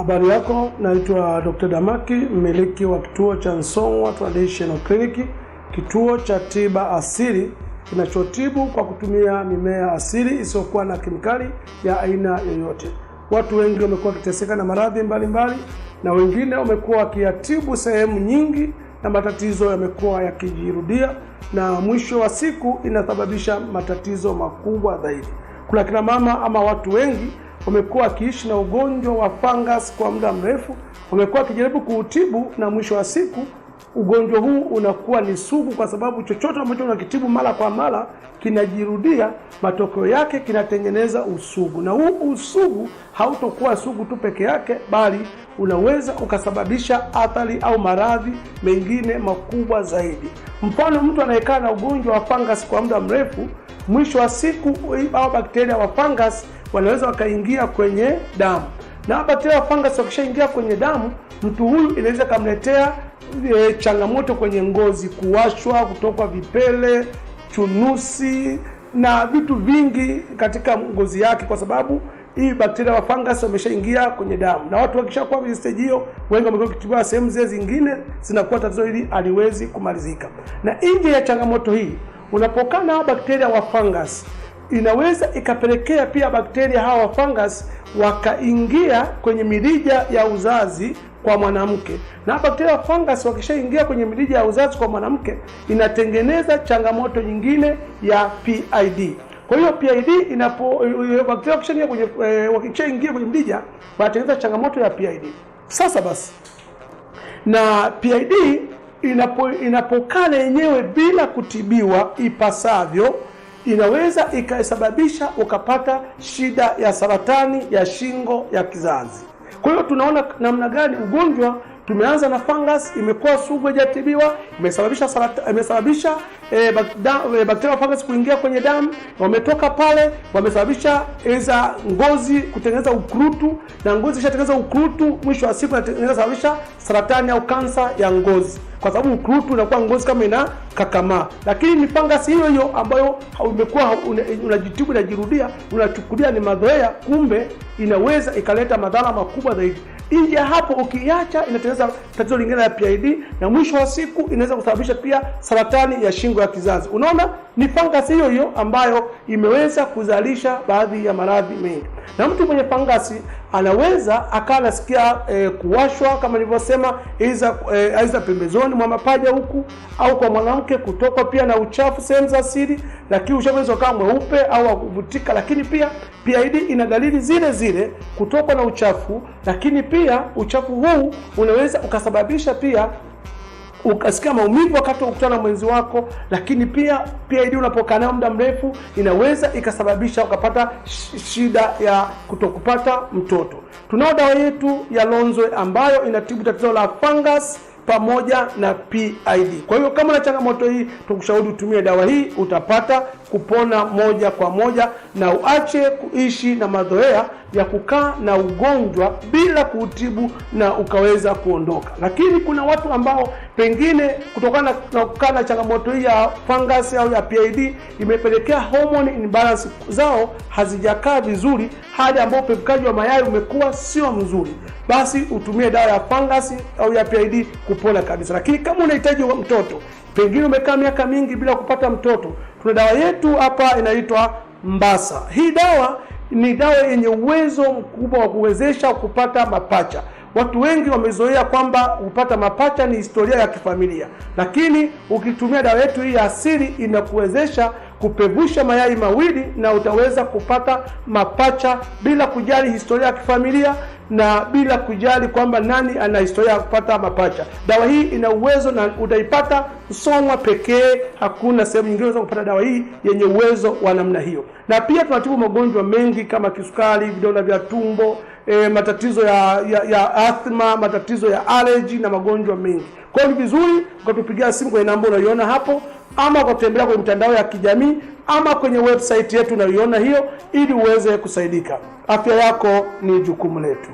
Habari yako, naitwa Dr. Damaki, mmiliki wa kituo cha Song'wa Traditional Clinic, kituo cha tiba asili kinachotibu kwa kutumia mimea asili isiyokuwa na kemikali ya aina yoyote. Watu wengi wamekuwa wakiteseka na maradhi mbalimbali, na wengine wamekuwa wakiyatibu sehemu nyingi, na matatizo yamekuwa yakijirudia, na mwisho wa siku inasababisha matatizo makubwa zaidi. Kuna kina mama ama watu wengi wamekuwa wakiishi na ugonjwa wa fungus kwa muda mrefu, wamekuwa wakijaribu kuutibu, na mwisho wa siku ugonjwa huu unakuwa ni sugu, kwa sababu chochote ambacho unakitibu mara kwa mara kinajirudia, matokeo yake kinatengeneza usugu, na huu usugu hautokuwa sugu tu peke yake, bali unaweza ukasababisha athari au maradhi mengine makubwa zaidi. Mfano, mtu anayekaa na ugonjwa wa fungus kwa muda mrefu, mwisho wa siku, au bakteria wa fungus wanaweza wakaingia kwenye damu, na bakteria fungus wakishaingia kwenye damu, mtu huyu inaweza ikamletea e, changamoto kwenye ngozi, kuwashwa, kutokwa vipele, chunusi na vitu vingi katika ngozi yake, kwa sababu hii bakteria wa fungus wameshaingia kwenye damu, na watu wakishakuwa kwenye stage hiyo, wengi wamekuwa kitibiwa sehemu zile zingine, zinakuwa tatizo hili haliwezi kumalizika. Na nje ya changamoto hii, unapokaa na bakteria wa fungus inaweza ikapelekea pia bakteria hawa fungus wakaingia kwenye mirija ya uzazi kwa mwanamke, na bakteria fungus wakishaingia kwenye mirija ya uzazi kwa mwanamke inatengeneza changamoto nyingine ya PID. Kwa hiyo PID inapo eh, bakteria wakishaingia kwenye eh, wakishaingia kwenye mrija wanatengeneza changamoto ya PID. Sasa basi, na PID inapo inapokaa yenyewe bila kutibiwa ipasavyo inaweza ikasababisha ukapata shida ya saratani ya shingo ya kizazi. Kwa hiyo tunaona namna gani ugonjwa Tumeanza na fungus, imekuwa sugu, haijatibiwa, imesababisha imesababisha e, eh, bakteria eh, fungus kuingia kwenye damu, wametoka pale, wamesababisha za ngozi kutengeneza ukurutu, na ngozi ishatengeneza ukurutu, mwisho wa siku sababisha saratani au kansa ya ngozi, kwa sababu ukurutu unakuwa ngozi kama ina kakamaa. Lakini ni fungus hiyo hiyo ambayo imekuwa unajitibu, unajirudia, unachukulia ni mazoea, kumbe inaweza ikaleta madhara makubwa zaidi. Nje ya hapo ukiacha inatengeneza tatizo lingine la PID na mwisho wa siku inaweza kusababisha pia saratani ya shingo ya kizazi. Unaona, ni fangasi hiyo hiyo ambayo imeweza kuzalisha baadhi ya maradhi mengi na mtu mwenye fangasi anaweza akawa anasikia e, eh, kuwashwa kama nilivyosema, eh, aiza e, pembezoni mwa mapaja huku, au kwa mwanamke kutokwa pia na uchafu sehemu za siri, lakini uchafu ukawa mweupe au akuvutika. Lakini pia PID ina dalili zile zile, kutokwa na uchafu, lakini pia uchafu huu unaweza ukasababisha pia ukasikia maumivu wakati wa kukutana na mwenzi wako, lakini pia PID unapokaa nayo muda mrefu inaweza ikasababisha ukapata shida ya kutokupata mtoto. Tunao dawa yetu ya Lonzwe ambayo inatibu tatizo la fungus pamoja na PID. Kwa hiyo kama una changamoto hii, tukushauri utumie dawa hii, utapata kupona moja kwa moja, na uache kuishi na madhoea ya kukaa na ugonjwa bila kuutibu na ukaweza kuondoka. Lakini kuna watu ambao pengine kutokana na kukaa na changamoto hii ya fungus au ya PID imepelekea hormone imbalance zao hazijakaa vizuri, hadi ambao upemkaji wa mayai umekuwa sio mzuri, basi utumie dawa ya fungus au ya PID kupona kabisa. Lakini kama unahitaji mtoto pengine umekaa miaka mingi bila kupata mtoto. Tuna dawa yetu hapa inaitwa Mbasa. Hii dawa ni dawa yenye uwezo mkubwa wa kuwezesha kupata mapacha. Watu wengi wamezoea kwamba kupata mapacha ni historia ya kifamilia, lakini ukitumia dawa yetu hii ya asili inakuwezesha kupevusha mayai mawili na utaweza kupata mapacha bila kujali historia ya kifamilia, na bila kujali kwamba nani ana historia ya kupata mapacha. Dawa hii ina uwezo na utaipata Song'wa pekee, hakuna sehemu nyingine unaweza kupata dawa hii yenye uwezo wa namna hiyo. Na pia tunatibu magonjwa mengi kama kisukari, vidonda vya tumbo, e, matatizo ya, ya, ya athma, matatizo ya allergy na magonjwa mengi. Kwa hiyo ni vizuri ukatupigia simu kwenye namba unaiona hapo, ama ukatembelea kwenye mitandao ya kijamii ama kwenye website yetu unayoiona hiyo, ili uweze kusaidika. Afya yako ni jukumu letu.